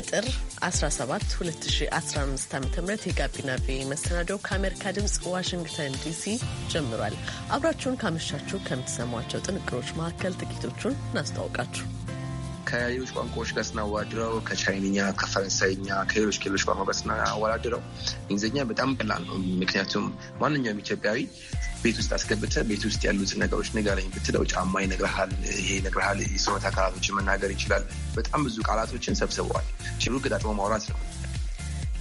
የጥር 17 2015 ዓ ም የጋቢና ቪ መሰናዶው ከአሜሪካ ድምፅ ዋሽንግተን ዲሲ ጀምሯል። አብራችሁን ካመሻችሁ ከምትሰሟቸው ጥንቅሮች መካከል ጥቂቶቹን እናስተዋውቃችሁ። ከሌሎች ቋንቋዎች ጋር ስናዋድረው ከቻይንኛ፣ ከፈረንሳይኛ፣ ከሌሎች ሌሎች ቋንቋ ጋር ስናዋዳድረው እንግሊዝኛ በጣም ቀላል ነው። ምክንያቱም ማንኛውም ኢትዮጵያዊ ቤት ውስጥ አስገብተህ ቤት ውስጥ ያሉት ነገሮች ንገረኝ ብትለው ጫማ ይነግርሃል፣ ይሄ ይነግርሃል። የሰውነት አካላቶችን መናገር ይችላል። በጣም ብዙ ቃላቶችን ሰብስበዋል። ችግሩ ገጣጥሞ ማውራት ነው።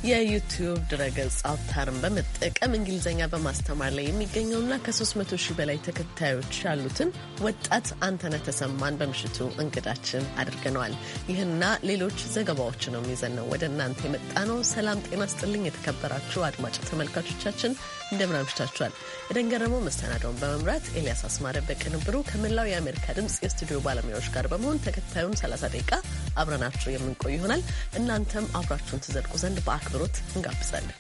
የዩቲዩብ ድረገጽ አውታርን በመጠቀም እንግሊዝኛ በማስተማር ላይ የሚገኘውና ከ300 ሺህ በላይ ተከታዮች ያሉትን ወጣት አንተነህ ተሰማን በምሽቱ እንግዳችን አድርገነዋል። ይህና ሌሎች ዘገባዎች ነው የሚዘን ነው ወደ እናንተ የመጣ ነው። ሰላም ጤና ስጥልኝ። የተከበራችሁ አድማጭ ተመልካቾቻችን እንደምን አምሽታችኋል። ኤደን ገረመው መሰናዳውን በመምራት ኤልያስ አስማረ በቅንብሩ ከመላው የአሜሪካ ድምፅ የስቱዲዮ ባለሙያዎች ጋር በመሆን ተከታዩን 30 ደቂቃ አብረናችሁ የምንቆይ ይሆናል። እናንተም አብራችሁን ትዘልቁ ዘንድ በአክብሮት እንጋብዛለን።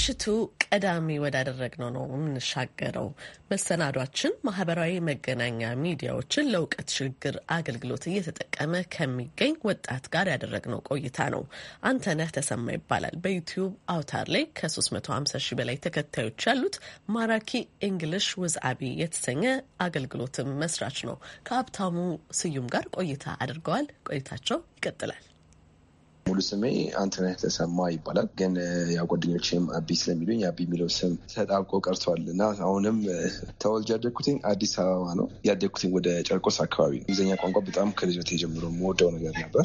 ለምሽቱ ቀዳሚ ወዳደረግነው ነው የምንሻገረው። መሰናዷችን ማህበራዊ መገናኛ ሚዲያዎችን ለእውቀት ሽግግር አገልግሎት እየተጠቀመ ከሚገኝ ወጣት ጋር ያደረግነው ቆይታ ነው። አንተነህ ተሰማ ይባላል። በዩቲዩብ አውታር ላይ ከ350 ሺህ በላይ ተከታዮች ያሉት ማራኪ እንግሊሽ ውዝአቢ የተሰኘ አገልግሎትም መስራች ነው። ከሀብታሙ ስዩም ጋር ቆይታ አድርገዋል። ቆይታቸው ይቀጥላል። ሙሉ ስሜ አንተነህ ተሰማ ይባላል። ግን ያው ጓደኞችም አቢ ስለሚሉኝ አቢ የሚለው ስም ተጣብቆ ቀርቷል እና አሁንም ተወልጄ ያደግኩትኝ አዲስ አበባ ነው። ያደግኩትኝ ወደ ጨርቆስ አካባቢ ነው። እንግሊዝኛ ቋንቋ በጣም ከልጅነት ጀምሮ የምወደው ነገር ነበር።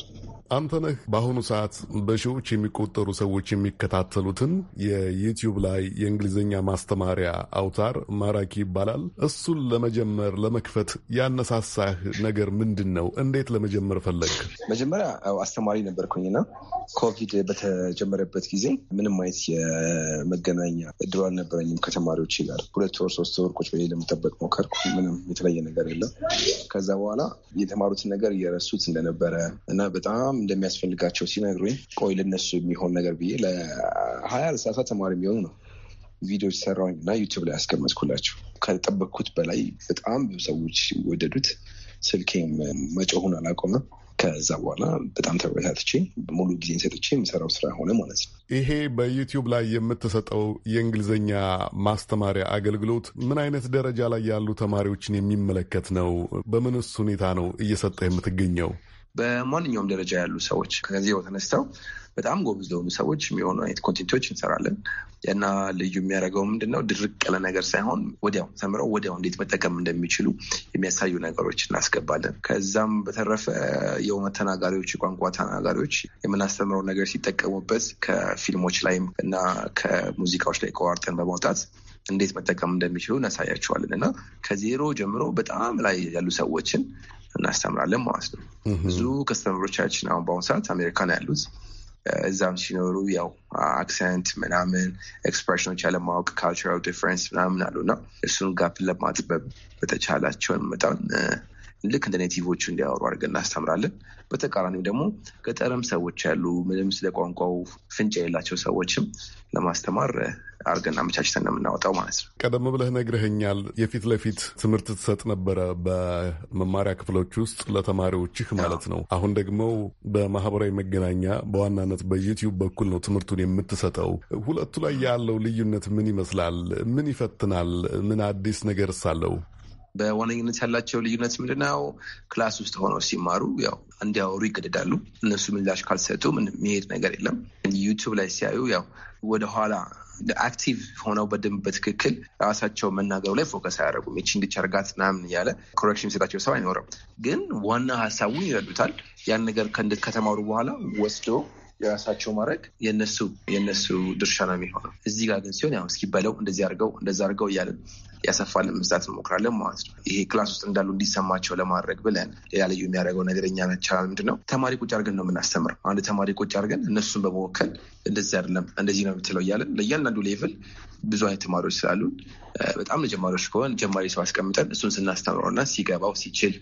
አንተነህ በአሁኑ ሰዓት በሺዎች የሚቆጠሩ ሰዎች የሚከታተሉትን የዩቲዩብ ላይ የእንግሊዝኛ ማስተማሪያ አውታር ማራኪ ይባላል። እሱን ለመጀመር ለመክፈት ያነሳሳህ ነገር ምንድን ነው? እንዴት ለመጀመር ፈለግ? መጀመሪያ አስተማሪ ነበርኩኝና ኮቪድ በተጀመረበት ጊዜ ምንም አይነት የመገናኛ እድሮ አልነበረኝም ከተማሪዎች ጋር። ሁለት ወር ሶስት ወር ቁጭ ብዬ ለመጠበቅ ሞከርኩ። ምንም የተለየ ነገር የለም። ከዛ በኋላ የተማሩትን ነገር እየረሱት እንደነበረ እና በጣም በጣም እንደሚያስፈልጋቸው ሲነግሩኝ ቆይ ልነሱ የሚሆን ነገር ብዬ ለሀያ ልሳሳ ተማሪ የሚሆኑ ነው ቪዲዮ ሰራሁኝ እና ዩቲዩብ ላይ ያስቀመጥኩላቸው ከጠበቅኩት በላይ በጣም ብዙ ሰዎች ወደዱት። ስልኬም መጮሁን አላቆመ። ከዛ በኋላ በጣም ተበታትቼ ሙሉ ጊዜን ሰጥቼ የሚሰራው ስራ ሆነ ማለት ነው። ይሄ በዩቲዩብ ላይ የምትሰጠው የእንግሊዝኛ ማስተማሪያ አገልግሎት ምን አይነት ደረጃ ላይ ያሉ ተማሪዎችን የሚመለከት ነው? በምንስ ሁኔታ ነው እየሰጠ የምትገኘው? በማንኛውም ደረጃ ያሉ ሰዎች ከዚያው ተነስተው በጣም ጎብዝ ለሆኑ ሰዎች የሚሆኑ አይነት ኮንቴንቶች እንሰራለን እና ልዩ የሚያደርገው ምንድነው ድርቅ ያለ ነገር ሳይሆን ወዲያው ተምረው ወዲያው እንዴት መጠቀም እንደሚችሉ የሚያሳዩ ነገሮች እናስገባለን። ከዛም በተረፈ የእውነት ተናጋሪዎች፣ የቋንቋ ተናጋሪዎች የምናስተምረው ነገር ሲጠቀሙበት ከፊልሞች ላይም እና ከሙዚቃዎች ላይ ቆራርጠን በማውጣት እንዴት መጠቀም እንደሚችሉ እናሳያቸዋለን እና ከዜሮ ጀምሮ በጣም ላይ ያሉ ሰዎችን እናስተምራለን ማለት ነው። ብዙ ከስተምሮቻችን አሁን በአሁኑ ሰዓት አሜሪካን ያሉት እዛም ሲኖሩ ያው አክሰንት ምናምን ኤክስፕሬሽኖች ያለማወቅ ካልቸራል ዲፍረንስ ምናምን አሉ እና እሱን ጋፕን ለማጥበብ በተቻላቸውን መጠን ልክ እንደ ኔቲቮቹ እንዲያወሩ አድርገን እናስተምራለን። በተቃራኒው ደግሞ ገጠርም ሰዎች ያሉ ምንም ስለ ቋንቋው ፍንጫ የላቸው ሰዎችም ለማስተማር አድርገን አመቻችተን ነው የምናወጣው ማለት ነው። ቀደም ብለህ ነግረህኛል፣ የፊት ለፊት ትምህርት ትሰጥ ነበረ በመማሪያ ክፍሎች ውስጥ ለተማሪዎችህ ማለት ነው። አሁን ደግሞ በማህበራዊ መገናኛ በዋናነት በዩትዩብ በኩል ነው ትምህርቱን የምትሰጠው። ሁለቱ ላይ ያለው ልዩነት ምን ይመስላል? ምን ይፈትናል? ምን አዲስ ነገር ሳለው? በዋነኝነት ያላቸው ልዩነት ምንድነው? ክላስ ውስጥ ሆነው ሲማሩ ያው እንዲያወሩ ይገደዳሉ። እነሱ ምላሽ ካልሰጡ ምንም የሚሄድ ነገር የለም። ዩቱብ ላይ ሲያዩ ያው ወደኋላ አክቲቭ ሆነው በደንብ በትክክል ራሳቸው መናገሩ ላይ ፎከስ አያደርጉም። ይቺ እንድቸርጋት አድርጋት ምናምን እያለ ኮሬክሽን የሚሰጣቸው ሰው አይኖርም። ግን ዋና ሀሳቡን ይረዱታል። ያን ነገር ከተማሩ በኋላ ወስዶ የራሳቸው ማድረግ የነሱ የነሱ ድርሻ ነው የሚሆነው። እዚህ ጋር ግን ሲሆን ያው እስኪ በለው እንደዚህ አድርገው እንደዛ አድርገው እያለን ያሰፋል ለመስጣት እንሞክራለን ማለት ነው። ይሄ ክላስ ውስጥ እንዳሉ እንዲሰማቸው ለማድረግ ብለን ሌላ ልዩ የሚያደርገው ነገር እኛ መቻላል ምንድን ነው ተማሪ ቁጭ አድርገን ነው የምናስተምር። አንድ ተማሪ ቁጭ አድርገን እነሱን በመወከል እንደዚህ አይደለም እንደዚህ ነው የምትለው እያለን ለእያንዳንዱ ሌቭል ብዙ አይነት ተማሪዎች ስላሉን በጣም ለጀማሪዎች ከሆን ጀማሪ ሰው አስቀምጠን እሱን ስናስተምረው እና ሲገባው ሲችል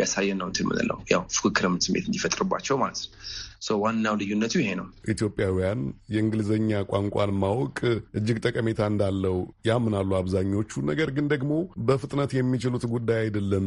ያሳየን ነው እንትን የምንለው ያው ፉክክርም ስሜት እንዲፈጥርባቸው ማለት ነው። ዋናው ልዩነቱ ይሄ ነው። ኢትዮጵያውያን የእንግሊዝኛ ቋንቋን ማወቅ እጅግ ጠቀሜታ እንዳለው ያምናሉ አብዛኞቹ። ነገር ግን ደግሞ በፍጥነት የሚችሉት ጉዳይ አይደለም፣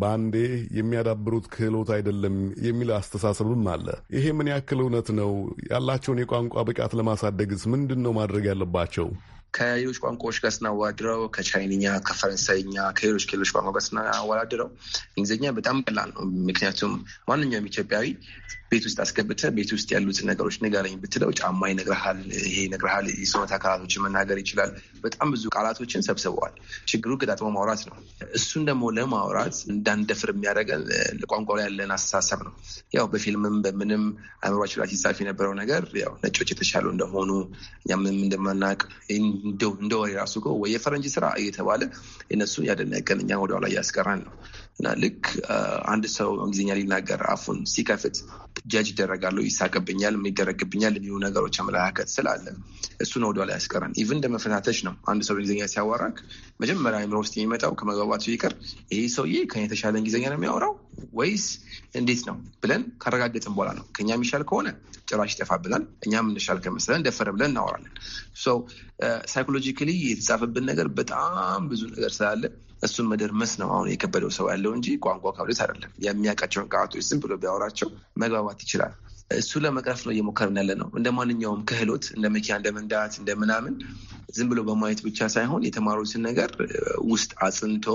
በአንዴ የሚያዳብሩት ክህሎት አይደለም የሚል አስተሳሰብም አለ። ይሄ ምን ያክል እውነት ነው? ያላቸውን የቋንቋ ብቃት ለማሳደግስ ምንድን ነው ማድረግ ያለባቸው? ከሌሎች ቋንቋዎች ጋር ስናወዳድረው ከቻይንኛ፣ ከፈረንሳይኛ፣ ከሌሎች ከሌሎች ቋንቋ ጋር ስናወዳድረው እንግሊዝኛ በጣም ቀላል ነው። ምክንያቱም ማንኛውም ኢትዮጵያዊ ቤት ውስጥ አስገብተ ቤት ውስጥ ያሉትን ነገሮች ንገረኝ ብትለው ጫማ ይነግረሃል፣ ይሄ ይነግረሃል፣ የሰውነት አካላቶችን መናገር ይችላል። በጣም ብዙ ቃላቶችን ሰብስበዋል። ችግሩ ገጣጥሞ ማውራት ነው። እሱን ደግሞ ለማውራት እንዳንደፍር የሚያደርገን ቋንቋ ላይ ያለን አስተሳሰብ ነው። ያው በፊልምም በምንም አእምሯችን ላይ ሲጻፍ የነበረው ነገር ያው ነጮች የተሻሉ እንደሆኑ እኛም እንደማናቅ እንደ ወሬ ራሱ ወይ የፈረንጅ ስራ እየተባለ እነሱ ያደነቀን እኛ ወደኋላ እያስቀራን ነው። እና ልክ አንድ ሰው እንግሊዝኛ ሊናገር አፉን ሲከፍት ጃጅ ይደረጋለሁ፣ ይሳቅብኛል፣ የሚደረግብኛል የሚሉ ነገሮች አመለካከት ስላለ እሱ ነው ወደኋላ ያስቀረን። ኢቭን እንደ መፈታተሽ ነው። አንድ ሰው እንግሊዝኛ ሲያወራክ መጀመሪያ አእምሮ ውስጥ የሚመጣው ከመግባባቱ ይቅር፣ ይህ ሰውዬ ከእኔ የተሻለ እንግሊዝኛ ነው የሚያወራው ወይስ እንዴት ነው ብለን ካረጋገጥን በኋላ ነው። ከኛ የሚሻል ከሆነ ጭራሽ ይጠፋብናል። እኛም እንሻል ከመሰለን ደፈረ ብለን እናወራለን። ሳይኮሎጂካሊ የተጻፈብን ነገር በጣም ብዙ ነገር ስላለ እሱን መደርመስ ነው አሁን የከበደው ሰው ያለው እንጂ ቋንቋ ካብሬት አይደለም። የሚያውቃቸውን ቃላቶች ዝም ብሎ ቢያወራቸው መግባባት ይችላል። እሱ ለመቅረፍ ነው እየሞከርን ያለ ነው። እንደ ማንኛውም ክህሎት እንደ መኪና እንደ መንዳት እንደ ምናምን ዝም ብሎ በማየት ብቻ ሳይሆን የተማሩትን ነገር ውስጥ አጽንቶ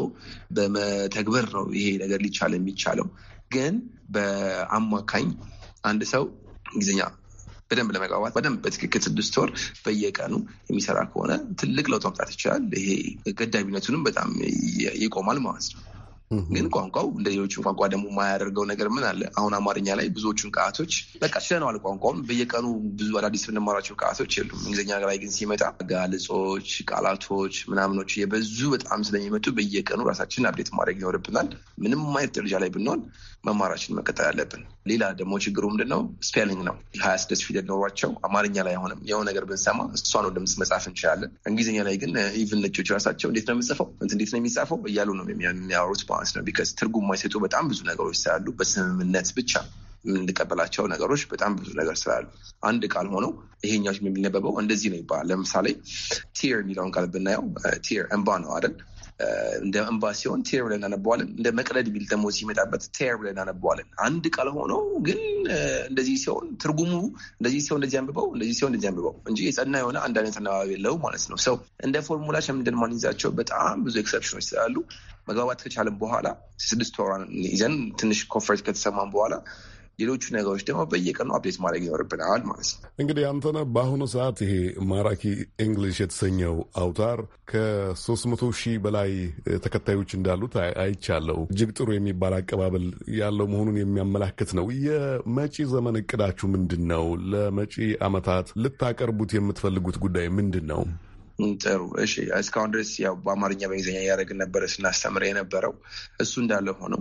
በመተግበር ነው ይሄ ነገር ሊቻል የሚቻለው። ግን በአማካኝ አንድ ሰው እንግሊዝኛ በደንብ ለመግባባት በደንብ በትክክል ስድስት ወር በየቀኑ የሚሰራ ከሆነ ትልቅ ለውጥ መምጣት ይችላል። ይሄ ገዳቢነቱንም በጣም ይቆማል ማለት ነው። ግን ቋንቋው ሌሎችን ቋንቋ ደግሞ የማያደርገው ነገር ምን አለ? አሁን አማርኛ ላይ ብዙዎቹን ቃቶች በቃ ችለነዋል። ቋንቋውም በየቀኑ ብዙ አዳዲስ የምንማራቸው ቃቶች የሉም። እንግሊዝኛ ላይ ግን ሲመጣ ጋልጾች፣ ቃላቶች ምናምኖች የበዙ በጣም ስለሚመጡ በየቀኑ ራሳችንን አብዴት ማድረግ ይኖርብናል። ምንም አይነት ደረጃ ላይ ብንሆን መማራችን መቀጠል ያለብን። ሌላ ደግሞ ችግሩ ምንድነው ነው? ስፔሊንግ ነው። ሀያ ስድስት ፊደል ኖሯቸው አማርኛ ላይ አይሆንም። የሆነ ነገር ብንሰማ እሷ ነው ምስ መጻፍ እንችላለን። እንግሊዝኛ ላይ ግን ኢቭን ነጮች ራሳቸው እንዴት ነው የምጽፈው እንዴት ነው የሚጻፈው እያሉ ነው የሚያወሩት አድቫንስ ነው። ቢካዝ ትርጉም ማይሰጡ በጣም ብዙ ነገሮች ስላሉ በስምምነት ብቻ የምንቀበላቸው ነገሮች በጣም ብዙ ነገር ስላሉ አንድ ቃል ሆነው ይሄኛው የሚነበበው እንደዚህ ነው ይባላል። ለምሳሌ ቲር የሚለውን ቃል ብናየው ቲር እንባ ነው አይደል? እንደ እንባ ሲሆን ቴር ብለን እናነበዋለን። እንደ መቅረድ የሚል ደግሞ ሲመጣበት ቴር ብለን እናነበዋለን። አንድ ቃል ሆኖ ግን እንደዚህ ሲሆን ትርጉሙ እንደዚህ ሲሆን እንደዚህ አንብበው፣ እንደዚህ ሲሆን እንደዚህ አንብበው እንጂ የጸና የሆነ አንድ አይነት አነባቢ የለው ማለት ነው። ሰው እንደ ፎርሙላ ሸምንድን ማንዛቸው በጣም ብዙ ኤክሰፕሽኖች ስላሉ መግባባት ከቻለን በኋላ ስድስት ወሯን ይዘን ትንሽ ኮንፈረንስ ከተሰማን በኋላ ሌሎቹ ነገሮች ደግሞ በየቀኑ አፕዴት ማድረግ ይኖርብናል ማለት ነው። እንግዲህ አንተነ በአሁኑ ሰዓት ይሄ ማራኪ እንግሊሽ የተሰኘው አውታር ከሶስት መቶ ሺህ በላይ ተከታዮች እንዳሉት አይቻለው። እጅግ ጥሩ የሚባል አቀባበል ያለው መሆኑን የሚያመላክት ነው። የመጪ ዘመን እቅዳችሁ ምንድን ነው? ለመጪ አመታት ልታቀርቡት የምትፈልጉት ጉዳይ ምንድን ነው? ጥሩ እሺ። እስካሁን ድረስ ያው በአማርኛ በእንግሊዝኛ እያደረግን ነበረ ስናስተምር የነበረው እሱ እንዳለ ሆኖ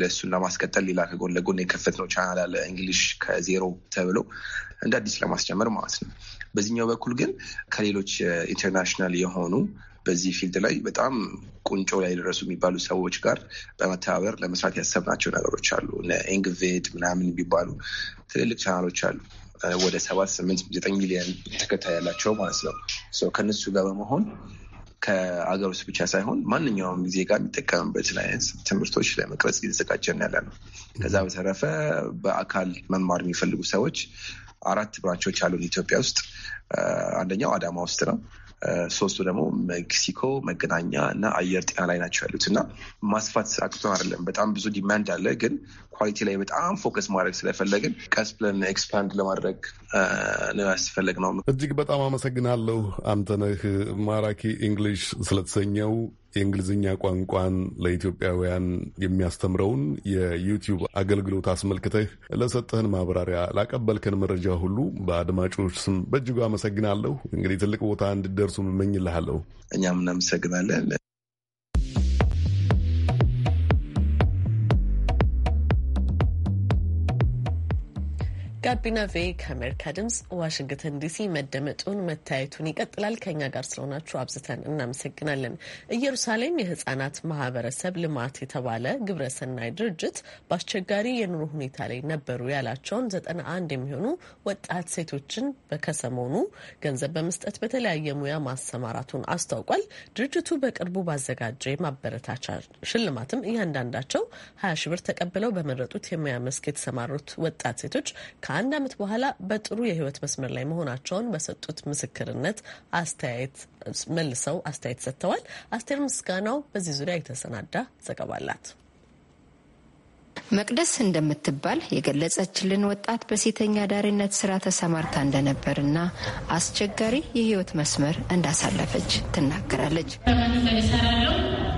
ለእሱን ለማስቀጠል ሌላ ከጎን ለጎን የከፈትነው ቻናል አለ እንግሊሽ ከዜሮ ተብሎ እንደ አዲስ ለማስጀመር ማለት ነው። በዚህኛው በኩል ግን ከሌሎች ኢንተርናሽናል የሆኑ በዚህ ፊልድ ላይ በጣም ቁንጮ ላይ የደረሱ የሚባሉ ሰዎች ጋር በመተባበር ለመስራት ያሰብናቸው ነገሮች አሉ። ኢንግቬድ ምናምን የሚባሉ ትልልቅ ቻናሎች አሉ። ወደ ሰባት ስምንት ዘጠኝ ሚሊዮን ተከታይ ያላቸው ማለት ነው። ከነሱ ጋር በመሆን ከአገር ውስጥ ብቻ ሳይሆን ማንኛውም ጊዜ ጋር የሚጠቀምበት ትምህርቶች ለመቅረጽ እየተዘጋጀን ያለ ነው። ከዛ በተረፈ በአካል መማር የሚፈልጉ ሰዎች አራት ብራንቾች አሉን ኢትዮጵያ ውስጥ። አንደኛው አዳማ ውስጥ ነው። ሶስቱ ደግሞ ሜክሲኮ፣ መገናኛ እና አየር ጤና ላይ ናቸው ያሉት እና ማስፋት አቅቶን አይደለም። በጣም ብዙ ዲማንድ አለ፣ ግን ኳሊቲ ላይ በጣም ፎከስ ማድረግ ስለፈለግን ቀስ ብለን ኤክስፓንድ ለማድረግ ነው ያስፈለግ ነው። እጅግ በጣም አመሰግናለሁ። አንተነህ ማራኪ ኢንግሊሽ ስለተሰኘው የእንግሊዝኛ ቋንቋን ለኢትዮጵያውያን የሚያስተምረውን የዩቲዩብ አገልግሎት አስመልክተህ ለሰጠህን ማብራሪያ፣ ላቀበልከን መረጃ ሁሉ በአድማጮች ስም በእጅጉ አመሰግናለሁ። እንግዲህ ትልቅ ቦታ እንድደርሱ እመኝልሃለሁ። እኛም እናመሰግናለን። ጋቢና ቬ ከአሜሪካ ድምጽ ዋሽንግተን ዲሲ መደመጡን መታየቱን ይቀጥላል። ከኛ ጋር ስለሆናችሁ አብዝተን እናመሰግናለን። ኢየሩሳሌም የህጻናት ማህበረሰብ ልማት የተባለ ግብረሰናይ ድርጅት በአስቸጋሪ የኑሮ ሁኔታ ላይ ነበሩ ያላቸውን ዘጠና አንድ የሚሆኑ ወጣት ሴቶችን በከሰሞኑ ገንዘብ በመስጠት በተለያየ ሙያ ማሰማራቱን አስታውቋል። ድርጅቱ በቅርቡ ባዘጋጀ የማበረታቻ ሽልማትም እያንዳንዳቸው ሀያ ሺ ብር ተቀብለው በመረጡት የሙያ መስክ የተሰማሩት ወጣት ሴቶች ከ ከአንድ ዓመት በኋላ በጥሩ የህይወት መስመር ላይ መሆናቸውን በሰጡት ምስክርነት አስተያየት መልሰው አስተያየት ሰጥተዋል። አስቴር ምስጋናው በዚህ ዙሪያ የተሰናዳ ዘገባ አላት። መቅደስ እንደምትባል የገለጸችልን ወጣት በሴተኛ ዳሪነት ስራ ተሰማርታ እንደነበርና አስቸጋሪ የህይወት መስመር እንዳሳለፈች ትናገራለች።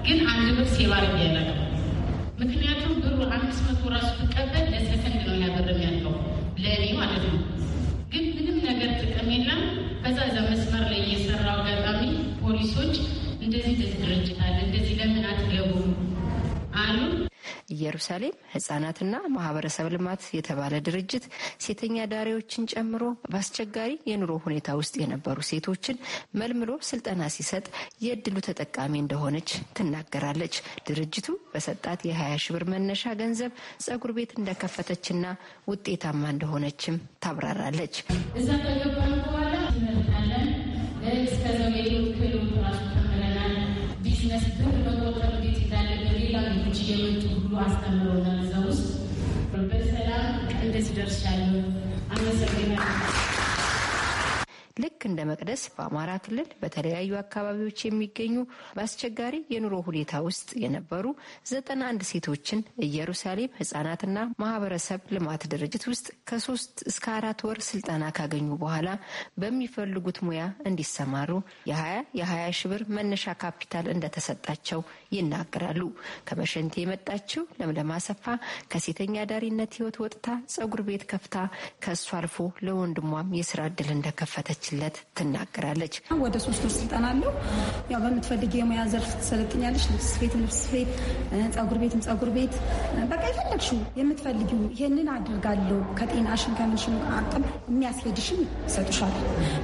ግን አንድ ምክንያቱም ብሩ አምስት መቶ ራሱ وسلم فزاد مسيح ኢየሩሳሌም ህጻናትና ማህበረሰብ ልማት የተባለ ድርጅት ሴተኛ ዳሪዎችን ጨምሮ በአስቸጋሪ የኑሮ ሁኔታ ውስጥ የነበሩ ሴቶችን መልምሎ ስልጠና ሲሰጥ የእድሉ ተጠቃሚ እንደሆነች ትናገራለች። ድርጅቱ በሰጣት የ20 ብር መነሻ ገንዘብ ጸጉር ቤት እንደከፈተችና ውጤታማ እንደሆነችም ታብራራለች። ራሱ ቢዝነስ ብር መቆጠር እንዴት እንዳለ በሌላ ሌሎች እየመጡ አስተምሮናል። እዛ ውስጥ በሰላም እንደዚህ ደርሻለሁ። አመሰግናለሁ። ልክ እንደ መቅደስ በአማራ ክልል በተለያዩ አካባቢዎች የሚገኙ በአስቸጋሪ የኑሮ ሁኔታ ውስጥ የነበሩ ዘጠና አንድ ሴቶችን ኢየሩሳሌም ህጻናትና ማህበረሰብ ልማት ድርጅት ውስጥ ከሶስት እስከ አራት ወር ስልጠና ካገኙ በኋላ በሚፈልጉት ሙያ እንዲሰማሩ የሀያ የሀያ ሺ ብር መነሻ ካፒታል እንደተሰጣቸው ይናገራሉ። ከመሸንቴ የመጣችው ለምለም አሰፋ ከሴተኛ አዳሪነት ህይወት ወጥታ ጸጉር ቤት ከፍታ ከእሱ አልፎ ለወንድሟም የስራ እድል እንደከፈተች እንደሰጠችለት ትናገራለች። ወደ ሶስት ወር ስልጠና አለው። ያው በምትፈልግ የሙያ ዘርፍ ትሰለጥኛለች። ልብስ ቤት ልብስ ቤት፣ ጸጉር ቤትም ጸጉር ቤት፣ በቃ የፈለግሽው የምትፈልጊው ይህንን አድርጋለሁ ከጤናሽን ከምንሽን አቅም የሚያስሄድሽን ይሰጡሻል።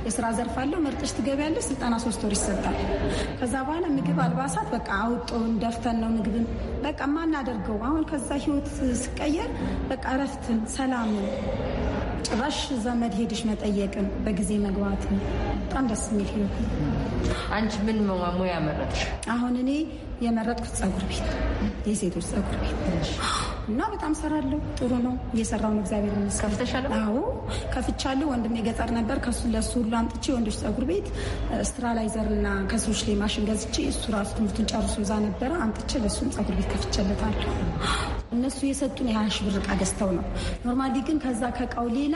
የስራ ዘርፍ አለው። መርጥሽ ትገቢያለሽ። ስልጠና ሶስት ወር ይሰጣል። ከዛ በኋላ ምግብ፣ አልባሳት በቃ አውጦን ደፍተን ነው ምግብን በቃ ማናደርገው አሁን ከዛ ህይወት ስቀየር በቃ እረፍትን ሰላምን ጭራሽ ዘመድ ሄድሽ መጠየቅን በጊዜ መግባት በጣም ደስ የሚል ህይወት። አንቺ ምን ሙያ መረጥሽ? አሁን እኔ የመረጥኩት ፀጉር ቤት፣ የሴቶች ፀጉር ቤት እና በጣም ሰራለሁ። ጥሩ ነው እየሰራውን እግዚአብሔር ይመስገን። ከፍተሻለሁ? አዎ ከፍቻለሁ። ወንድሜ ገጠር ነበር። ከሱ ለሱ ሁሉ አምጥቼ የወንዶች ፀጉር ቤት ስትራላይዘር እና ከሰዎች ላይ ማሽን ገዝቼ እሱ ራሱ ትምህርቱን ጨርሶ እዛ ነበረ አምጥቼ ለሱም ጸጉር ቤት ከፍቼለታለሁ። እነሱ የሰጡን የሀያ ሺህ ብር እቃ ገዝተው ነው። ኖርማሊ ግን ከዛ ከእቃው ሌላ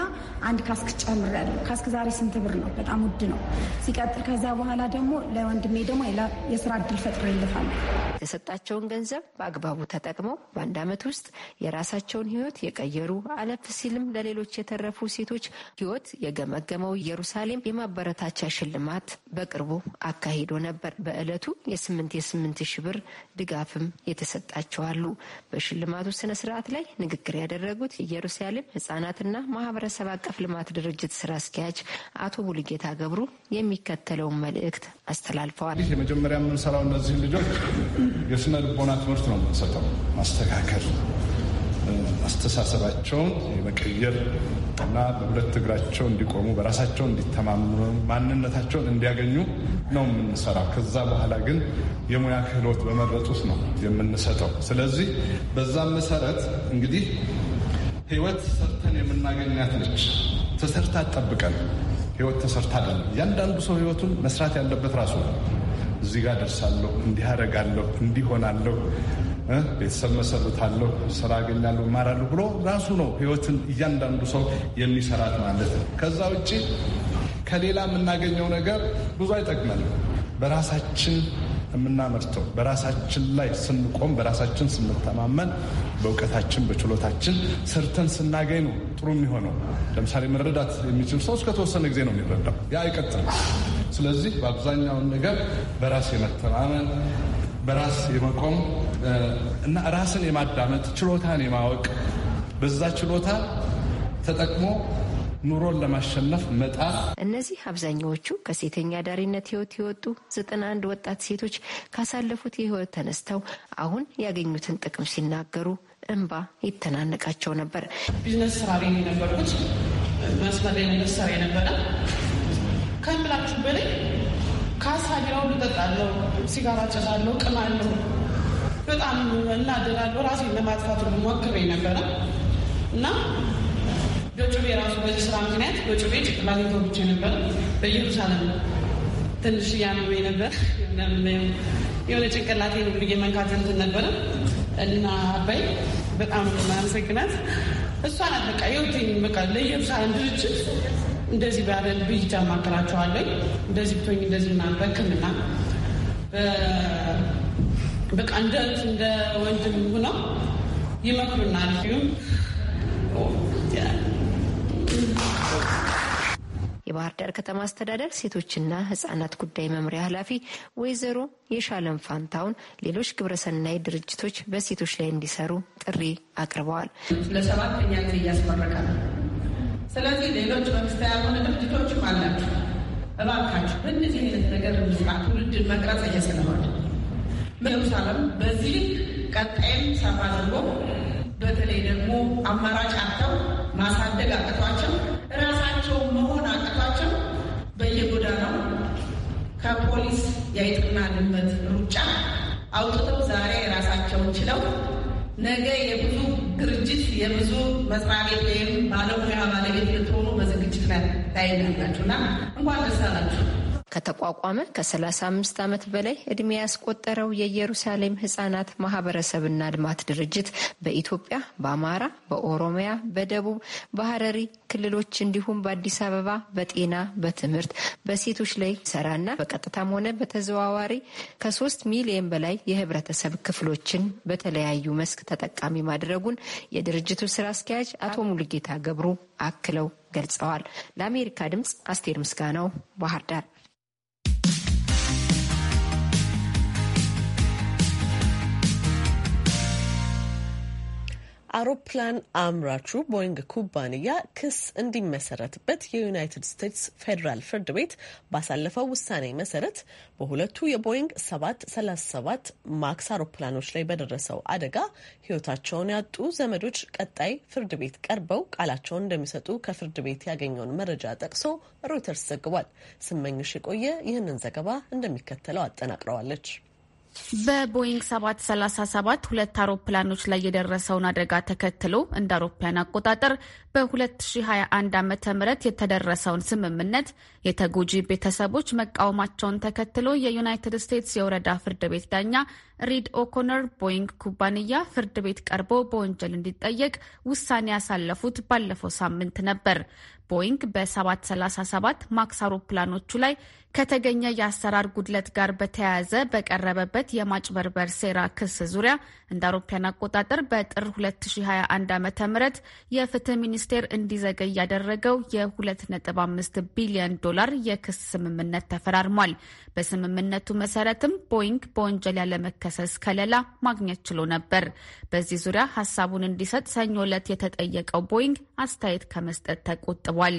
አንድ ካስክ ጨምሬያለሁ። ካስክ ዛሬ ስንት ብር ነው? በጣም ውድ ነው። ሲቀጥል ከዛ በኋላ ደግሞ ለወንድሜ ደግሞ የስራ እድል ፈጥሮ ይልፋል። የተሰጣቸውን ገንዘብ በአግባቡ ተጠቅመው በአንድ ዓመት ውስጥ የራሳቸውን ህይወት የቀየሩ አለፍ ሲልም ለሌሎች የተረፉ ሴቶች ህይወት የገመገመው ኢየሩሳሌም የማበረታቻ ሽልማት በቅርቡ አካሂዶ ነበር። በእለቱ የስምንት የስምንት ሽብር ብር ድጋፍም የተሰጣቸዋሉ በሽልማቱ በመርቃቱ ስነ ስርዓት ላይ ንግግር ያደረጉት ኢየሩሳሌም ህጻናትና ማህበረሰብ አቀፍ ልማት ድርጅት ስራ አስኪያጅ አቶ ሙሉጌታ ገብሩ የሚከተለውን መልእክት አስተላልፈዋል። ይህ የመጀመሪያ የምንሰራው እነዚህን ልጆች የስነ ልቦና ትምህርት ነው የምንሰጠው ማስተካከል አስተሳሰባቸውን የመቀየር እና በሁለት እግራቸው እንዲቆሙ በራሳቸው እንዲተማመኑ ማንነታቸውን እንዲያገኙ ነው የምንሰራው። ከዛ በኋላ ግን የሙያ ክህሎት በመረጡት ነው የምንሰጠው። ስለዚህ በዛም መሰረት እንግዲህ ህይወት ሰርተን የምናገኛት ነች። ተሰርታ አጠብቀን ህይወት ተሰርታ አለ። እያንዳንዱ ሰው ህይወቱን መስራት ያለበት ራሱ ነው። እዚህ ጋር ደርሳለሁ፣ እንዲህ አደርጋለሁ፣ እንዲሆናለሁ ቤተሰብ መሰርታለሁ፣ ስራ አገኛለሁ፣ እማራለሁ ብሎ ራሱ ነው ህይወትን እያንዳንዱ ሰው የሚሰራት ማለት ነው። ከዛ ውጭ ከሌላ የምናገኘው ነገር ብዙ አይጠቅመንም። በራሳችን የምናመርተው በራሳችን ላይ ስንቆም፣ በራሳችን ስንተማመን፣ በእውቀታችን በችሎታችን ሰርተን ስናገኝ ነው ጥሩ የሚሆነው። ለምሳሌ መረዳት የሚችል ሰው እስከተወሰነ ጊዜ ነው የሚረዳው፣ ያ አይቀጥልም። ስለዚህ በአብዛኛውን ነገር በራስ የመተማመን በራስ የመቆም እና ራስን የማዳመጥ ችሎታን የማወቅ በዛ ችሎታ ተጠቅሞ ኑሮን ለማሸነፍ መጣ። እነዚህ አብዛኛዎቹ ከሴተኛ አዳሪነት ህይወት የወጡ ዘጠና አንድ ወጣት ሴቶች ካሳለፉት የህይወት ተነስተው አሁን ያገኙትን ጥቅም ሲናገሩ እንባ ይተናነቃቸው ነበር። ቢዝነስ ስራ ላይ የነበርኩት መስመር ላይ ነገር ስራ የነበረ ከምላችሁ በላይ ካሳ ቢራው ልጠጣለሁ፣ ሲጋራ ጨሳለሁ፣ ቅማለሁ፣ በጣም እናደላለሁ። ራሴን ለማጥፋት ሞክሬ ነበረ እና በጩቤ ራሱ በዚህ ስራ ምክንያት በጩቤ ጭቅላት ተወግቼ ነበር። በኢየሩሳሌም ትንሽ እያመመኝ ነበር። የሆነ ጭንቅላቴ ነው ብዬ መንካት እንትን ነበረ እና አባይ በጣም ማመሰግናት እሷ ናት በቃ የውቴኝ በቃ ለኢየሩሳሌም ድርጅት እንደዚህ ባደል ብይታ ማከራቸዋለኝ እንደዚህ ብቶኝ እንደዚህ ና በሕክምና በቃ እንደ እንደ ወንድም ሆነው ይመክሩናል። ሲሁም የባህር ዳር ከተማ አስተዳደር ሴቶችና ህጻናት ጉዳይ መምሪያ ኃላፊ ወይዘሮ የሻለም ፋንታውን ሌሎች ግብረሰናይ ድርጅቶች በሴቶች ላይ እንዲሰሩ ጥሪ አቅርበዋል። ለሰባተኛ ጊዜ እያስመረቀ ነው ስለዚህ ሌሎች መንግስት ያልሆነ ድርጅቶችም አላችሁ። እባካችሁ እንደዚህ አይነት ነገር ምስራ ትውልድን መቅረጽ እየስለሆን ኢየሩሳሌም በዚህ ቀጣይም ሰፋ አድርጎ በተለይ ደግሞ አማራጭ አጥተው ማሳደግ አቅቷቸው ራሳቸው መሆን አቅቷቸው በየጎዳናው ከፖሊስ የአይጥና ድመት ሩጫ አውጥተው ዛሬ ራሳቸውን ችለው ነገ የብዙ ድርጅት የብዙ መስሪያ ቤት ወይም ባለሙያ ባለቤት ልትሆኑ በዝግጅት ላይ ላይ ናላችሁ እና እንኳን ደስ አላችሁ። ከተቋቋመ ከ35 ዓመት በላይ እድሜ ያስቆጠረው የኢየሩሳሌም ህጻናት ማህበረሰብና ልማት ድርጅት በኢትዮጵያ በአማራ፣ በኦሮሚያ፣ በደቡብ፣ በሀረሪ ክልሎች እንዲሁም በአዲስ አበባ በጤና፣ በትምህርት፣ በሴቶች ላይ ሰራና በቀጥታም ሆነ በተዘዋዋሪ ከሶስት ሚሊዮን በላይ የህብረተሰብ ክፍሎችን በተለያዩ መስክ ተጠቃሚ ማድረጉን የድርጅቱ ስራ አስኪያጅ አቶ ሙሉጌታ ገብሩ አክለው ገልጸዋል። ለአሜሪካ ድምጽ አስቴር ምስጋናው ባህር ዳር። አውሮፕላን አምራቹ ቦይንግ ኩባንያ ክስ እንዲመሰረትበት የዩናይትድ ስቴትስ ፌዴራል ፍርድ ቤት ባሳለፈው ውሳኔ መሰረት በሁለቱ የቦይንግ 737 ማክስ አውሮፕላኖች ላይ በደረሰው አደጋ ሕይወታቸውን ያጡ ዘመዶች ቀጣይ ፍርድ ቤት ቀርበው ቃላቸውን እንደሚሰጡ ከፍርድ ቤት ያገኘውን መረጃ ጠቅሶ ሮይተርስ ዘግቧል። ስመኝሽ የቆየ ይህንን ዘገባ እንደሚከተለው አጠናቅረዋለች። በቦይንግ 737 ሁለት አውሮፕላኖች ላይ የደረሰውን አደጋ ተከትሎ እንደ አውሮፓውያን አቆጣጠር በ2021 ዓ ም የተደረሰውን ስምምነት የተጎጂ ቤተሰቦች መቃወማቸውን ተከትሎ የዩናይትድ ስቴትስ የወረዳ ፍርድ ቤት ዳኛ ሪድ ኦኮነር ቦይንግ ኩባንያ ፍርድ ቤት ቀርቦ በወንጀል እንዲጠየቅ ውሳኔ ያሳለፉት ባለፈው ሳምንት ነበር። ቦይንግ በ737 ማክስ አውሮፕላኖቹ ላይ ከተገኘ የአሰራር ጉድለት ጋር በተያያዘ በቀረበበት የማጭበርበር ሴራ ክስ ዙሪያ እንደ አውሮፓውያን አቆጣጠር በጥር 2021 ዓ.ም የፍትህ ሚኒስቴር እንዲዘገይ ያደረገው የ2.5 ቢሊዮን ዶላር የክስ ስምምነት ተፈራርሟል። በስምምነቱ መሰረትም ቦይንግ በወንጀል ያለመከ የመከሰስ ከለላ ማግኘት ችሎ ነበር። በዚህ ዙሪያ ሀሳቡን እንዲሰጥ ሰኞ ዕለት የተጠየቀው ቦይንግ አስተያየት ከመስጠት ተቆጥቧል።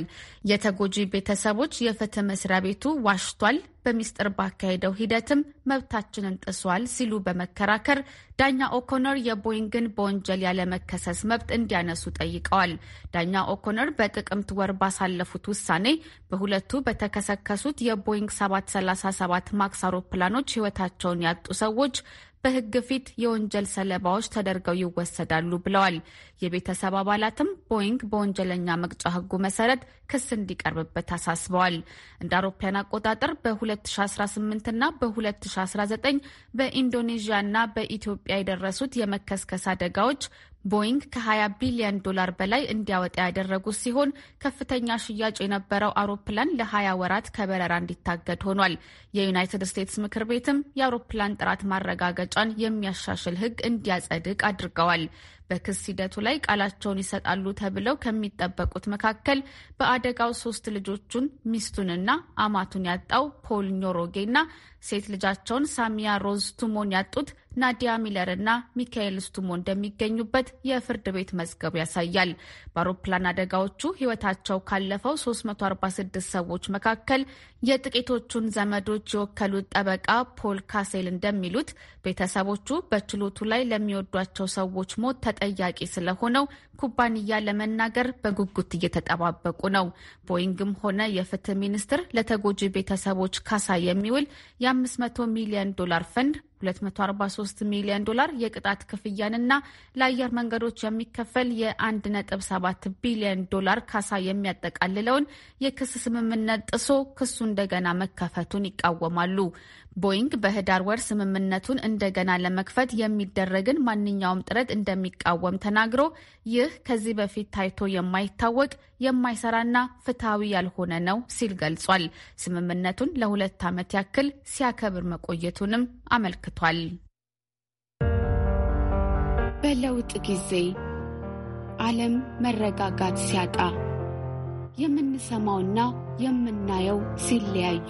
የተጎጂ ቤተሰቦች የፍትህ መስሪያ ቤቱ ዋሽቷል በሚስጥር ባካሄደው ሂደትም መብታችንን ጥሷል ሲሉ በመከራከር ዳኛ ኦኮነር የቦይንግን በወንጀል ያለመከሰስ መብት እንዲያነሱ ጠይቀዋል። ዳኛ ኦኮነር በጥቅምት ወር ባሳለፉት ውሳኔ በሁለቱ በተከሰከሱት የቦይንግ 737 ማክስ አውሮፕላኖች ሕይወታቸውን ያጡ ሰዎች በህግ ፊት የወንጀል ሰለባዎች ተደርገው ይወሰዳሉ ብለዋል። የቤተሰብ አባላትም ቦይንግ በወንጀለኛ መቅጫ ህጉ መሰረት ክስ እንዲቀርብበት አሳስበዋል። እንደ አውሮፓያን አቆጣጠር በ2018 እና በ2019 በኢንዶኔዥያ እና በኢትዮጵያ የደረሱት የመከስከስ አደጋዎች ቦይንግ ከ20 ቢሊዮን ዶላር በላይ እንዲያወጣ ያደረጉ ሲሆን ከፍተኛ ሽያጭ የነበረው አውሮፕላን ለ20 ወራት ከበረራ እንዲታገድ ሆኗል። የዩናይትድ ስቴትስ ምክር ቤትም የአውሮፕላን ጥራት ማረጋገጫን የሚያሻሽል ሕግ እንዲያጸድቅ አድርገዋል። በክስ ሂደቱ ላይ ቃላቸውን ይሰጣሉ ተብለው ከሚጠበቁት መካከል በአደጋው ሶስት ልጆቹን ሚስቱንና አማቱን ያጣው ፖል ኞሮጌና ሴት ልጃቸውን ሳሚያ ሮዝ ቱሞን ያጡት ናዲያ ሚለር እና ሚካኤል ስቱሞ እንደሚገኙበት የፍርድ ቤት መዝገቡ ያሳያል። በአውሮፕላን አደጋዎቹ ሕይወታቸው ካለፈው 346 ሰዎች መካከል የጥቂቶቹን ዘመዶች የወከሉት ጠበቃ ፖል ካሴል እንደሚሉት ቤተሰቦቹ በችሎቱ ላይ ለሚወዷቸው ሰዎች ሞት ተጠያቂ ስለሆነው ኩባንያ ለመናገር በጉጉት እየተጠባበቁ ነው። ቦይንግም ሆነ የፍትህ ሚኒስቴር ለተጎጂ ቤተሰቦች ካሳ የሚውል የ500 ሚሊዮን ዶላር ፈንድ 243 ሚሊዮን ዶላር የቅጣት ክፍያንና ለአየር መንገዶች የሚከፈል የ1.7 ቢሊዮን ዶላር ካሳ የሚያጠቃልለውን የክስ ስምምነት ጥሶ ክሱ እንደገና መከፈቱን ይቃወማሉ። ቦይንግ በህዳር ወር ስምምነቱን እንደገና ለመክፈት የሚደረግን ማንኛውም ጥረት እንደሚቃወም ተናግሮ ይህ ከዚህ በፊት ታይቶ የማይታወቅ የማይሰራና ፍትሐዊ ያልሆነ ነው ሲል ገልጿል። ስምምነቱን ለሁለት ዓመት ያክል ሲያከብር መቆየቱንም አመልክቷል። በለውጥ ጊዜ ዓለም መረጋጋት ሲያጣ የምንሰማውና የምናየው ሲለያዩ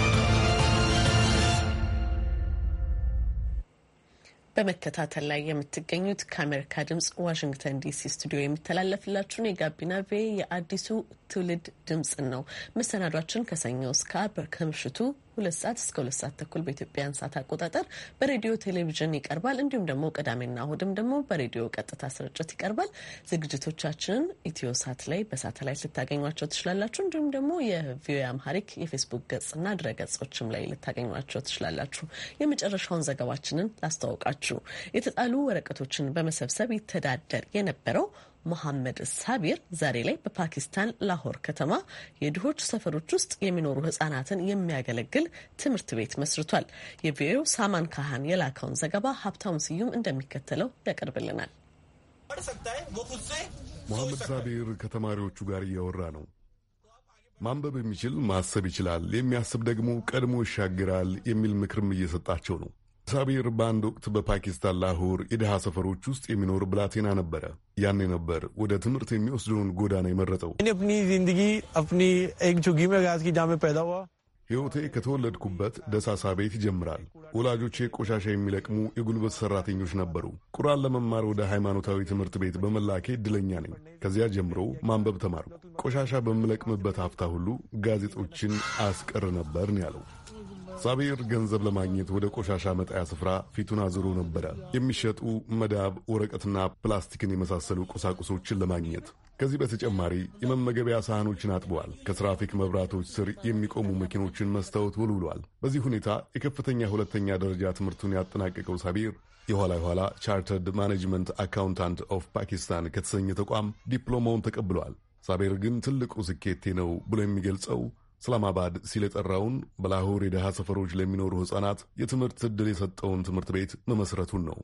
በመከታተል ላይ የምትገኙት ከአሜሪካ ድምጽ ዋሽንግተን ዲሲ ስቱዲዮ የሚተላለፍላችሁን የጋቢና ቬ የአዲሱ ትውልድ ድምጽን ነው። መሰናዷችን ከሰኞ እስከ አርብ ከምሽቱ ሁለት ሰዓት እስከ ሁለት ሰዓት ተኩል በኢትዮጵያን ሰዓት አቆጣጠር በሬዲዮ ቴሌቪዥን ይቀርባል። እንዲሁም ደግሞ ቅዳሜና እሁድም ደግሞ በሬዲዮ ቀጥታ ስርጭት ይቀርባል። ዝግጅቶቻችንን ኢትዮ ሳት ላይ በሳተላይት ልታገኟቸው ትችላላችሁ። እንዲሁም ደግሞ የቪኦኤ አምሃሪክ የፌስቡክ ገጽና ድረ ገጾችም ላይ ልታገኟቸው ትችላላችሁ። የመጨረሻውን ዘገባችንን ላስተዋውቃችሁ። የተጣሉ ወረቀቶችን በመሰብሰብ ይተዳደር የነበረው መሐመድ ሳቢር ዛሬ ላይ በፓኪስታን ላሆር ከተማ የድሆች ሰፈሮች ውስጥ የሚኖሩ ህጻናትን የሚያገለግል ትምህርት ቤት መስርቷል። የቪኦኤው ሳማን ካህን የላከውን ዘገባ ሀብታሙ ስዩም እንደሚከተለው ያቀርብልናል። መሐመድ ሳቢር ከተማሪዎቹ ጋር እያወራ ነው። ማንበብ የሚችል ማሰብ ይችላል፣ የሚያስብ ደግሞ ቀድሞ ይሻግራል የሚል ምክርም እየሰጣቸው ነው። ሳቢር በአንድ ወቅት በፓኪስታን ላሆር የድሃ ሰፈሮች ውስጥ የሚኖር ብላቴና ነበረ። ያኔ ነበር ወደ ትምህርት የሚወስደውን ጎዳና የመረጠው። ሕይወቴ ከተወለድኩበት ደሳሳ ቤት ይጀምራል። ወላጆቼ ቆሻሻ የሚለቅሙ የጉልበት ሠራተኞች ነበሩ። ቁርአን ለመማር ወደ ሃይማኖታዊ ትምህርት ቤት በመላኬ እድለኛ ነኝ። ከዚያ ጀምሮ ማንበብ ተማርኩ። ቆሻሻ በምለቅምበት ሀፍታ ሁሉ ጋዜጦችን አስቀር ነበርን ያለው ሳቢር ገንዘብ ለማግኘት ወደ ቆሻሻ መጣያ ስፍራ ፊቱን አዙሮ ነበረ የሚሸጡ መዳብ፣ ወረቀትና ፕላስቲክን የመሳሰሉ ቁሳቁሶችን ለማግኘት። ከዚህ በተጨማሪ የመመገቢያ ሳህኖችን አጥበዋል። ከትራፊክ መብራቶች ስር የሚቆሙ መኪኖችን መስታወት ወልውሏል። በዚህ ሁኔታ የከፍተኛ ሁለተኛ ደረጃ ትምህርቱን ያጠናቀቀው ሳቢር የኋላ የኋላ ቻርተርድ ማኔጅመንት አካውንታንት ኦፍ ፓኪስታን ከተሰኘ ተቋም ዲፕሎማውን ተቀብሏል። ሳቤር ግን ትልቁ ስኬቴ ነው ብሎ የሚገልጸው ስላማባድ ሲል የጠራውን በላሆር የድሃ ሰፈሮች ለሚኖሩ ህጻናት የትምህርት ዕድል የሰጠውን ትምህርት ቤት መመስረቱን ነው።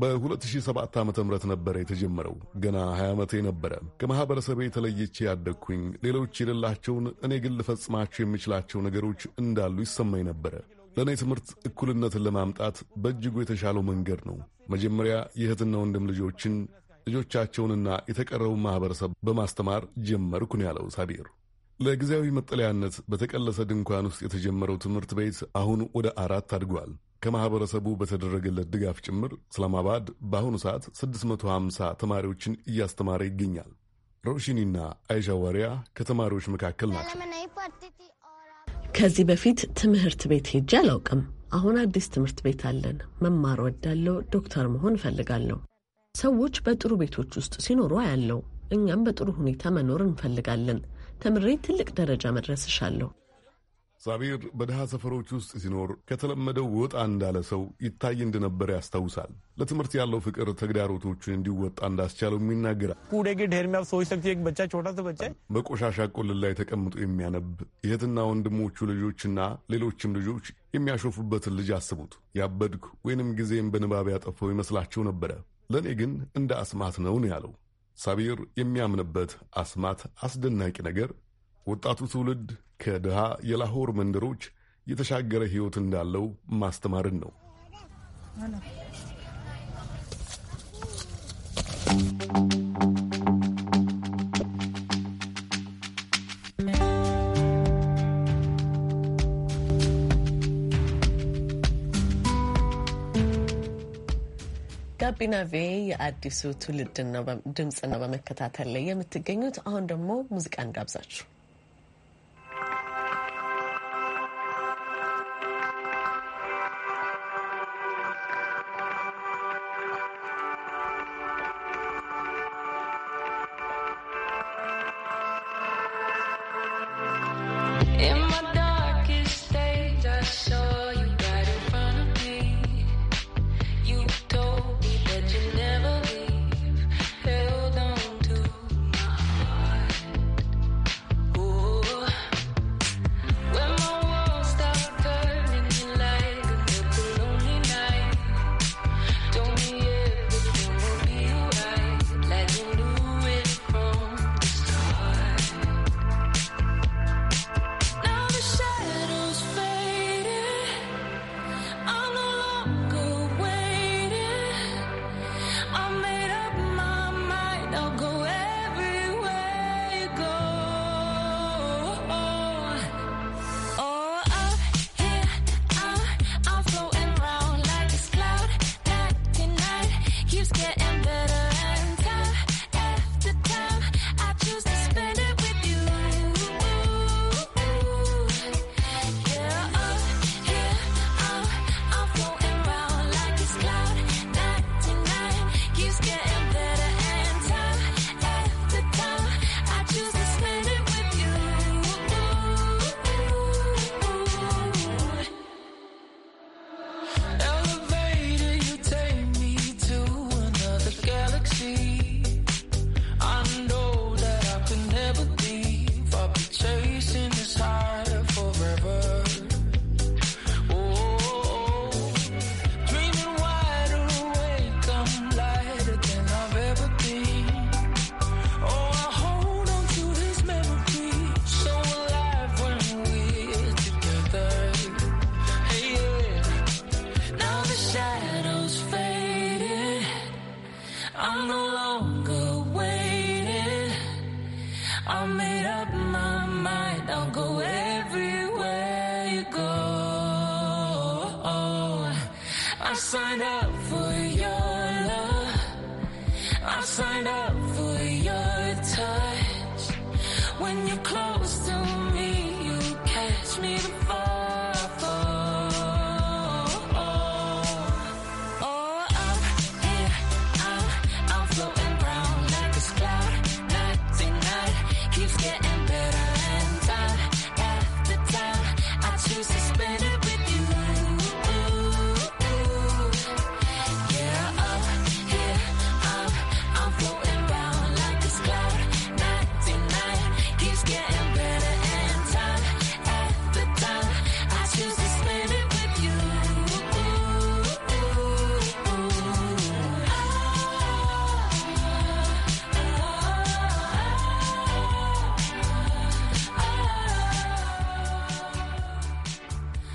በ2007 ዓ ም ነበረ የተጀመረው። ገና 20 ዓመቴ ነበረ። ከማኅበረሰቤ የተለየቼ ያደግኩኝ፣ ሌሎች የሌላቸውን እኔ ግን ልፈጽማቸው የምችላቸው ነገሮች እንዳሉ ይሰማኝ ነበረ። ለእኔ ትምህርት እኩልነትን ለማምጣት በእጅጉ የተሻለው መንገድ ነው። መጀመሪያ የእህትና ወንድም ልጆችን ልጆቻቸውንና የተቀረውን ማህበረሰብ በማስተማር ጀመርኩ ነው ያለው ሳቢር ለጊዜያዊ መጠለያነት በተቀለሰ ድንኳን ውስጥ የተጀመረው ትምህርት ቤት አሁን ወደ አራት አድጓል። ከማህበረሰቡ በተደረገለት ድጋፍ ጭምር እስላማባድ በአሁኑ ሰዓት 650 ተማሪዎችን እያስተማረ ይገኛል። ሮሽኒና አይሻ ዋሪያ ከተማሪዎች መካከል ናቸው። ከዚህ በፊት ትምህርት ቤት ሄጄ አላውቅም። አሁን አዲስ ትምህርት ቤት አለን። መማር ወዳለው ዶክተር መሆን እፈልጋለሁ። ሰዎች በጥሩ ቤቶች ውስጥ ሲኖሩ አያለው። እኛም በጥሩ ሁኔታ መኖር እንፈልጋለን። ተምሬ ትልቅ ደረጃ መድረስ እሻለሁ። ሳቢር በድሃ ሰፈሮች ውስጥ ሲኖር ከተለመደው ወጣ እንዳለ ሰው ይታይ እንደነበር ያስታውሳል። ለትምህርት ያለው ፍቅር ተግዳሮቶችን እንዲወጣ እንዳስቻለውም ይናገራል። በቆሻሻ ቁልል ላይ ተቀምጦ የሚያነብ እህትና ወንድሞቹ ልጆችና ሌሎችም ልጆች የሚያሾፉበትን ልጅ አስቡት። ያበድኩ ወይንም ጊዜም በንባብ ያጠፈው ይመስላቸው ነበረ። ለእኔ ግን እንደ አስማት ነው ነው ያለው። ሳቢር የሚያምንበት አስማት አስደናቂ ነገር ወጣቱ ትውልድ ከድሃ የላሆር መንደሮች የተሻገረ ሕይወት እንዳለው ማስተማርን ነው። Thank you. ጋቢና ቬ የአዲሱ ትውልድ ድምፅ ነው በመከታተል ላይ የምትገኙት። አሁን ደግሞ ሙዚቃ እንጋብዛችሁ። I'm no longer waiting. I made up my mind. I'll go everywhere you go. I signed up.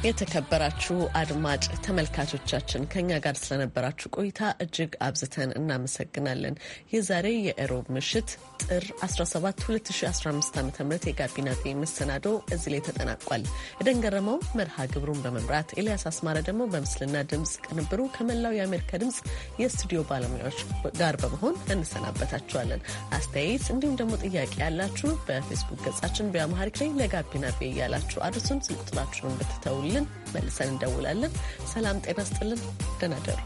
የተከበራችሁ አድማጭ ተመልካቾቻችን ከኛ ጋር ስለነበራችሁ ቆይታ እጅግ አብዝተን እናመሰግናለን። የዛሬ የእሮብ ምሽት ጥር 17 2015 ዓ ም የጋቢና ቪኦኤ መሰናዶ እዚህ ላይ ተጠናቋል። የደንገረመው መርሃ ግብሩን በመምራት ኤልያስ አስማረ ደግሞ በምስልና ድምፅ ቅንብሩ ከመላው የአሜሪካ ድምፅ የስቱዲዮ ባለሙያዎች ጋር በመሆን እንሰናበታችኋለን። አስተያየት እንዲሁም ደግሞ ጥያቄ ያላችሁ በፌስቡክ ገጻችን ቢያማሪክ ላይ ለጋቢና ቤ እያላችሁ አድርሱን። ስልክ ቁጥራችሁን ብትተውል አድርጉልን፣ መልሰን እንደውላለን። ሰላም ጤና ስጥልን። ደህና ደሩ።